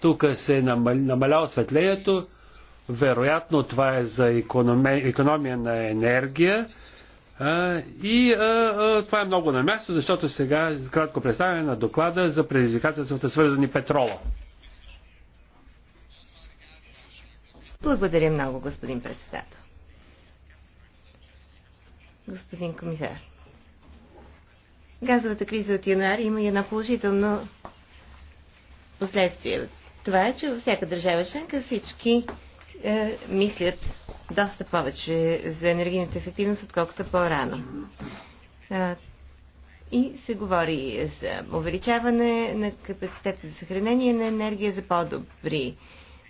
Тук се намаля осветлението. Вероятно това е за економия, на енергия. А, и а, а, това е много на място, защото сега кратко представяне на доклада за предизвикателствата свързани петрола. Благодаря много, господин председател. Господин комисар, газовата криза от януари има и една положително последствие това е, че във всяка държава членка всички е, мислят доста повече за енергийната ефективност, отколкото по-рано. Е, и се говори за увеличаване на капацитета за съхранение на енергия, за по-добри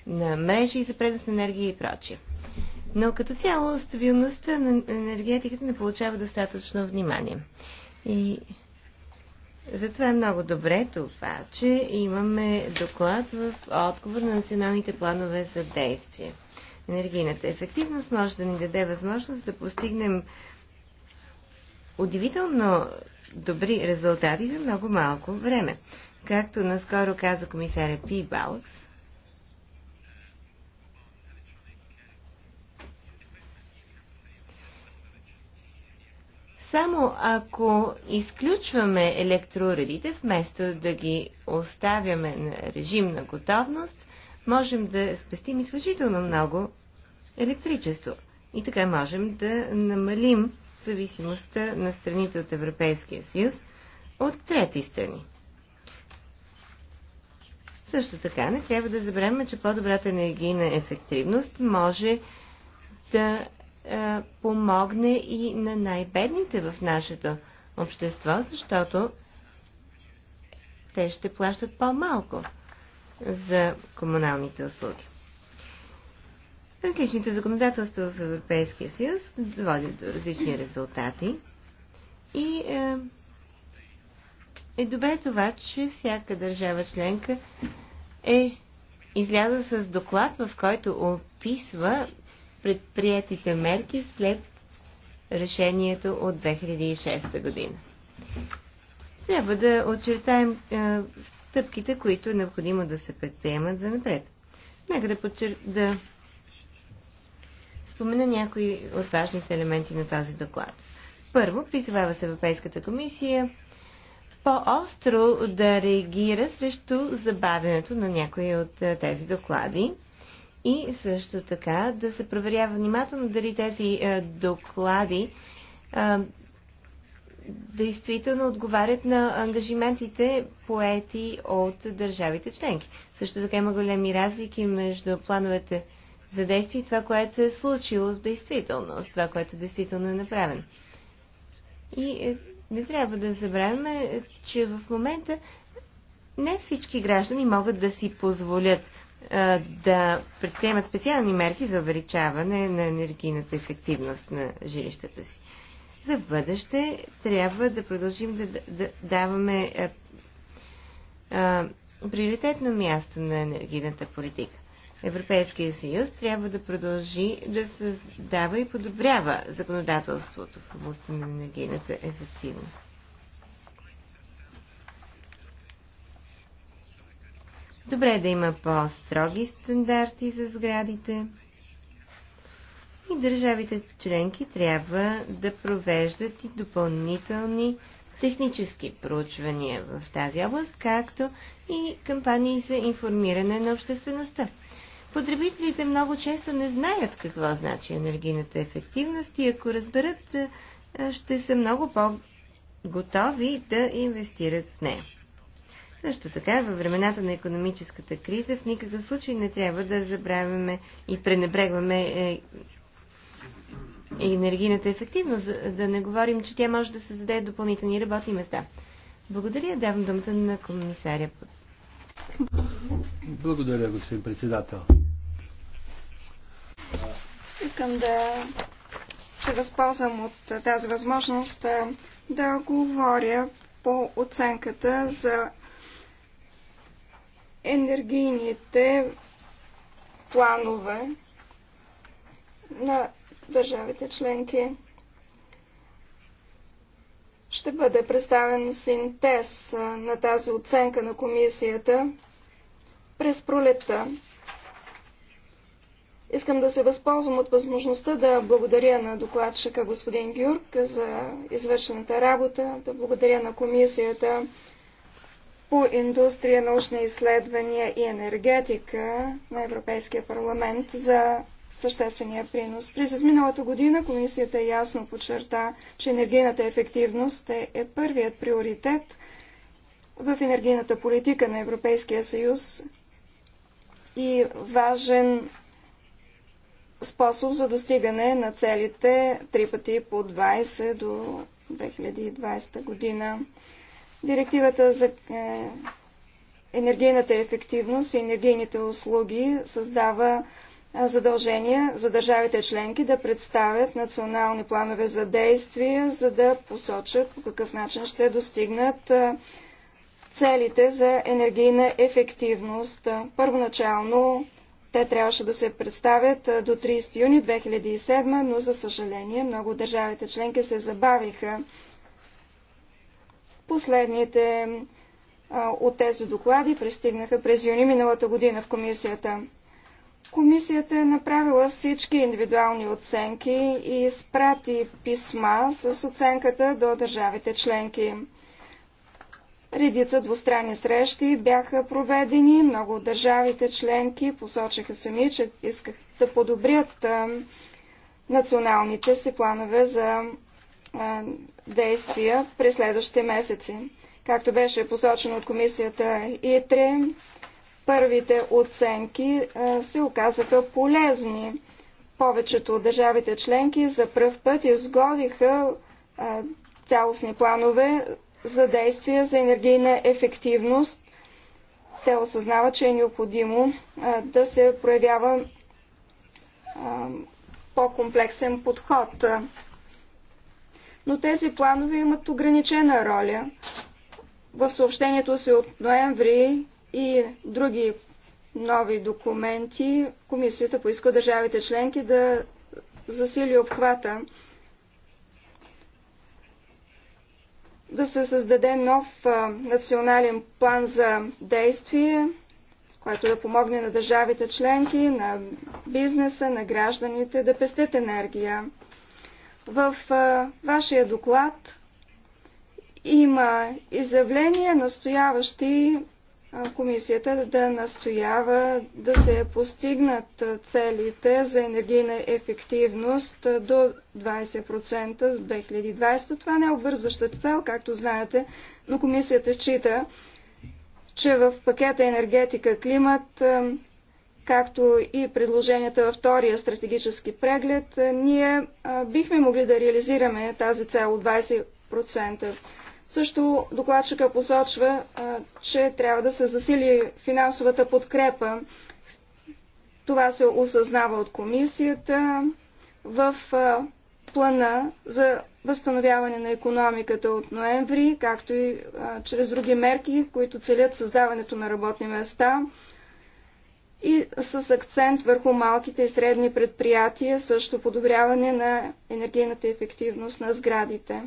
на мрежи, за пренос на енергия и прочие. Но като цяло стабилността на енергетиката не получава достатъчно внимание. И затова е много добре това, че имаме доклад в отговор на националните планове за действие. Енергийната ефективност може да ни даде възможност да постигнем удивително добри резултати за много малко време. Както наскоро каза комисаря Пи Балкс, ако изключваме електроуредите, вместо да ги оставяме на режим на готовност, можем да спестим изключително много електричество. И така можем да намалим зависимостта на страните от Европейския съюз от трети страни. Също така не трябва да забравяме, че по-добрата енергийна ефективност може да е, помогне и на най-бедните в нашето общество, защото те ще плащат по-малко за комуналните услуги. Различните законодателства в Европейския съюз водят до различни резултати и е, е добре това, че всяка държава членка е изляза с доклад, в който описва предприятите мерки след решението от 2006 година. Трябва да очертаем е, стъпките, които е необходимо да се предприемат за напред. Нека да, подчер... да спомена някои от важните елементи на този доклад. Първо, призовава се Европейската комисия по-остро да реагира срещу забавянето на някои от е, тези доклади и също така да се проверява внимателно дали тези е, доклади е, действително отговарят на ангажиментите поети от държавите членки. Също така има големи разлики между плановете за действие и това, което се е случило в действителност, това, което действително е направено. И е, не трябва да забравяме, че в момента не всички граждани могат да си позволят да предприемат специални мерки за увеличаване на енергийната ефективност на жилищата си. За бъдеще трябва да продължим да, да даваме а, а, приоритетно място на енергийната политика. Европейския съюз трябва да продължи да създава и подобрява законодателството в областта на енергийната ефективност. Добре е да има по-строги стандарти за сградите. И държавите членки трябва да провеждат и допълнителни технически проучвания в тази област, както и кампании за информиране на обществеността. Потребителите много често не знаят какво значи енергийната ефективност и ако разберат, ще са много по-готови да инвестират в нея. Също така, във времената на економическата криза в никакъв случай не трябва да забравяме и пренебрегваме е, енергийната ефективност, да не говорим, че тя може да създаде допълнителни работни места. Благодаря. Давам думата на комисаря. Благодаря, господин председател. Искам да се възползвам от тази възможност е, да говоря по оценката за енергийните планове на държавите членки. Ще бъде представен синтез на тази оценка на комисията през пролетта. Искам да се възползвам от възможността да благодаря на докладчика господин Гюрк за извършената работа, да благодаря на комисията по индустрия, научни изследвания и енергетика на Европейския парламент за съществения принос. През изминалата година комисията ясно подчерта, че енергийната ефективност е, е първият приоритет в енергийната политика на Европейския съюз и важен способ за достигане на целите 3 пъти по 20 до 2020 година. Директивата за е, енергийната ефективност и енергийните услуги създава е, задължения за държавите членки да представят национални планове за действие, за да посочат по какъв начин ще достигнат е, целите за енергийна ефективност. Първоначално те трябваше да се представят до 30 юни 2007, но за съжаление много държавите членки се забавиха Последните от тези доклади пристигнаха през юни миналата година в комисията. Комисията е направила всички индивидуални оценки и изпрати писма с оценката до държавите членки. Редица двустранни срещи бяха проведени. Много от държавите членки посочиха сами, че исках да подобрят националните си планове за действия през следващите месеци. Както беше посочено от комисията ИТРЕ, първите оценки е, се оказаха полезни. Повечето от държавите членки за пръв път изгодиха е, цялостни планове за действия за енергийна ефективност. Те осъзнават, че е необходимо е, да се проявява по-комплексен подход но тези планове имат ограничена роля. В съобщението си от ноември и други нови документи комисията поиска държавите членки да засили обхвата, да се създаде нов национален план за действие, който да помогне на държавите членки, на бизнеса, на гражданите да пестят енергия. В вашия доклад има изявления, настояващи комисията да настоява да се постигнат целите за енергийна ефективност до 20% до 2020. Това не е обвързваща цел, както знаете, но комисията чита, че в пакета енергетика климат както и предложенията във втория стратегически преглед, е, ние е, бихме могли да реализираме тази цел от 20%. Също докладчика посочва, е, че трябва да се засили финансовата подкрепа. Това се осъзнава от комисията в плана за възстановяване на економиката от ноември, както и чрез други мерки, които целят създаването на работни места, и с акцент върху малките и средни предприятия, също подобряване на енергийната ефективност на сградите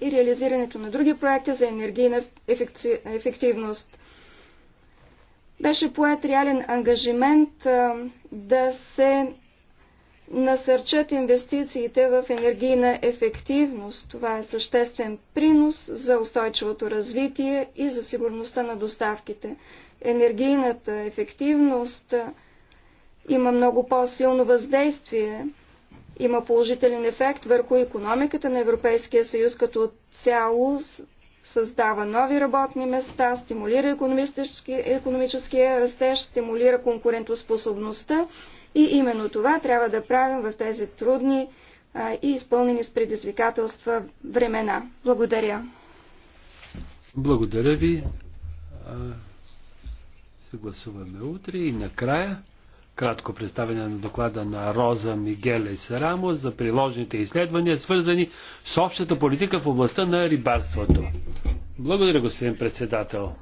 и реализирането на други проекти за енергийна ефективност. Беше поет реален ангажимент да се насърчат инвестициите в енергийна ефективност. Това е съществен принос за устойчивото развитие и за сигурността на доставките. Енергийната ефективност има много по-силно въздействие, има положителен ефект върху економиката на Европейския съюз като цяло, създава нови работни места, стимулира економическия растеж, стимулира конкурентоспособността и именно това трябва да правим в тези трудни а, и изпълнени с предизвикателства времена. Благодаря. Благодаря ви. Се утре и накрая кратко представяне на доклада на Роза Мигеле Сарамо за приложните изследвания, свързани с общата политика в областта на рибарството. Благодаря, господин председател.